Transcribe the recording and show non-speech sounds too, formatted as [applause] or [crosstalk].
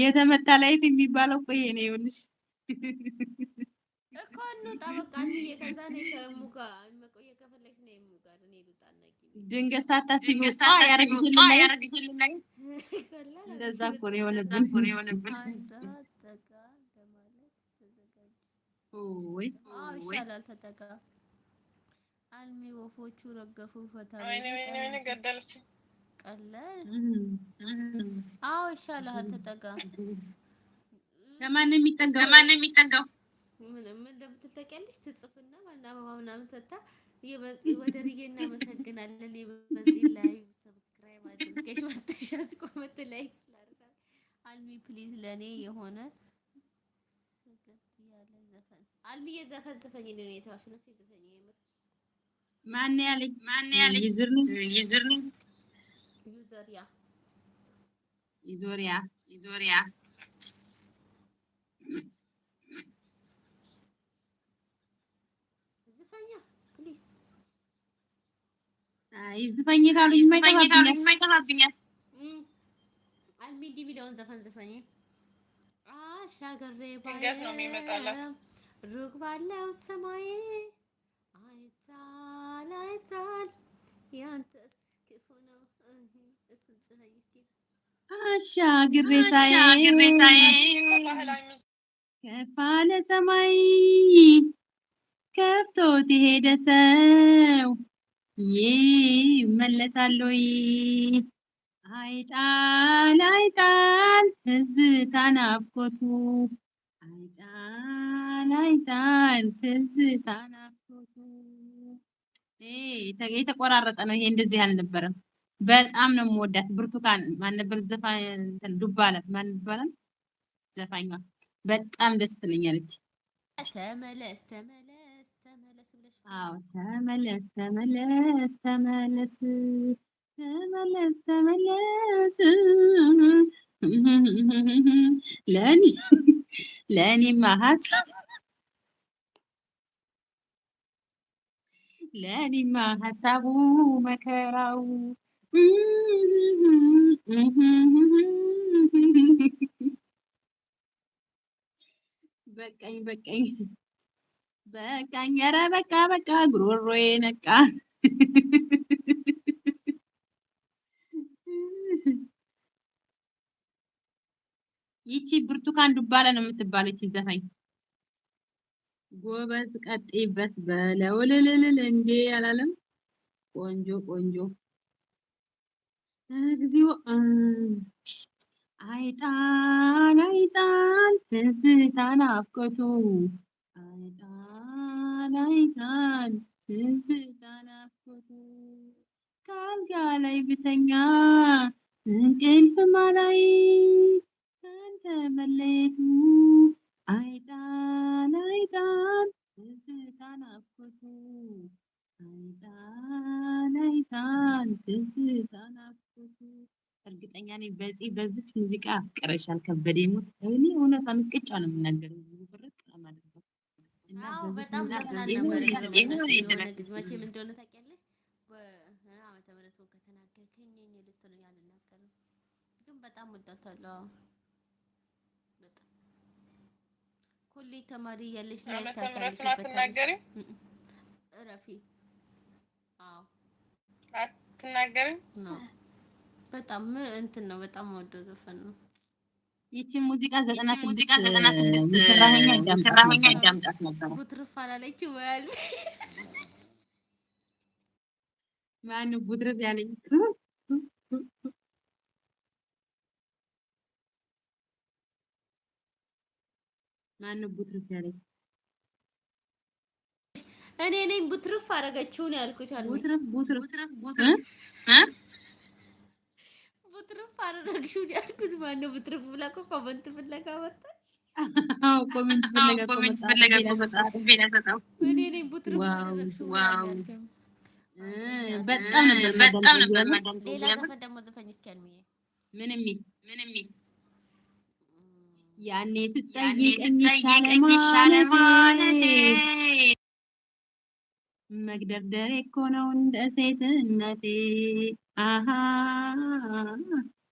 የተመታ ላይፍ የሚባለው እኮ ይሄ ነው። ይኸውልሽ እኮ እንውጣ በቃ እንዬ። ከዛ ነው ከእሙ ጋር ነው የእሙ እኔ ልውጣ ድንገት ሳታስቢ ላይ እንደዛ እኮ ነው የሆነብን። ወይ ይሻላል ተጠጋ አልሚ ወፎቹ ረገፉ ፈታ ቀላል አዎ፣ ይሻልሃል። ተጠጋ። ከማን የሚጠጋው ከማን የሚጠጋው ምን ምን እንደምትጠቂያለሽ ትጽፍና ማለት አበባ ምናምን ሰታ የበዚህ ወደርዬ እናመሰግናለን። የበዚህ ላይ ሰብስክራይብ አድርገሽ ወጥሽ አስቆመት ላይክ ስላርጋል አልሚ ፕሊዝ ለእኔ የሆነ ሰገት ያለ ዘፈን አልሚ የዘፈን ዘፈኝ ነው የተዋሽ ነው ሲዘፈኝ የምር ማን ያለኝ ማን ያለኝ ይዝርኝ ይዝርኝ Izoria. Izoria. Izoria. ዘፈኝ ካሉኝ የማይጠፋብኛል። አልሚ ዲቪዲውን ዘፈን ዘፈኝ አሻገሬ ባየው ሩቅ ባለው ሰማይ አይታል አይታል ያንተስ ከፍ አለ ሰማይ ከፍቶት የሄደ ሰው ይመለሳል ወይ? አይጣል አይጣል ትዝታ ናፍቆቱ አይጣል አይጣል ትዝታ ናፍቆቱ የተቆራረጠ ነው። ይሄ እንደዚህ አልነበረም። በጣም ነው የምወዳት። ብርቱካን ማን ነበር ዘፋኝ? እንትን ማን ይባላል ዘፋኛ? በጣም ደስ ትለኛለች። ተመለስ ተመለስ ተመለስ አዎ፣ ተመለስ ተመለስ ተመለስ ተመለስ ተመለስ ለእኔ ለእኔማ ሀሳቡ መከራው በቃኝ በቃኝ በቃኝ ኧረ በቃ በቃ ጉሮሮዬ ነቃ። ይቺ ብርቱካን ዱባለ ነው የምትባለች ዘፋኝ ጎበዝ ቀጥይበት በለው ልልልል እንዴ አላለም። ቆንጆ ቆንጆ እግዚኦ አይጣል አይጣል ትዝታ ናፍቆቱ አይጣል አይጣል ትዝታ ናፍቆቱ ካልጋ ላይ ብተኛ እንቅልፍ ማላይ ደስ ተናፍቁ እርግጠኛ ነኝ በዚህ በዚች ሙዚቃ አፍቅረሻል ከበደ ሞት እኔ እውነት አንቅጫ ነው የምናገረው እዚሁ ብርቅ ማለት በጣም ወዳታለሁ። ኮሌጅ ተማሪ እያለሽ ላይ ታሳልፍበታለሽ። እረፊ አዎ አትናገርም? በጣም እንትን ነው። በጣም ወደው ዘፈን ነው። ይቺ ሙዚቃ ዘጠና ስድስት ሰራሁኝ አዳምጣት ነበር። [laughs] ጉትርፍ አላለች ወያል ማን ያለኝ ማን ያለኝ እኔ ነኝ ቡትርፍ አደረገችው ነው ያልኩሽ። ቡትርፍ ቡትርፍ ቡትርፍ ቡትርፍ አደረገችው ነው ያልኩት። ማነው ቡትርፍ ብላ እኮ ኮመንት ፍለጋ ወጣ። አዎ ኮመንት ፍለጋ ኮመንት ፍለጋ ወጣ። እኔ ነኝ ቡትርፍ አደረገችው። ዋው በጣም ነበር በጣም ነበር። ሌላ ዘፈን ደግሞ ዘፈኝ እስኪ አንሚዬ ምንም ምንም ያኔ ስጠይቅ ይሻለ ማለቴ መግደርደሬ እኮ ነው እንደ ሴትነቴ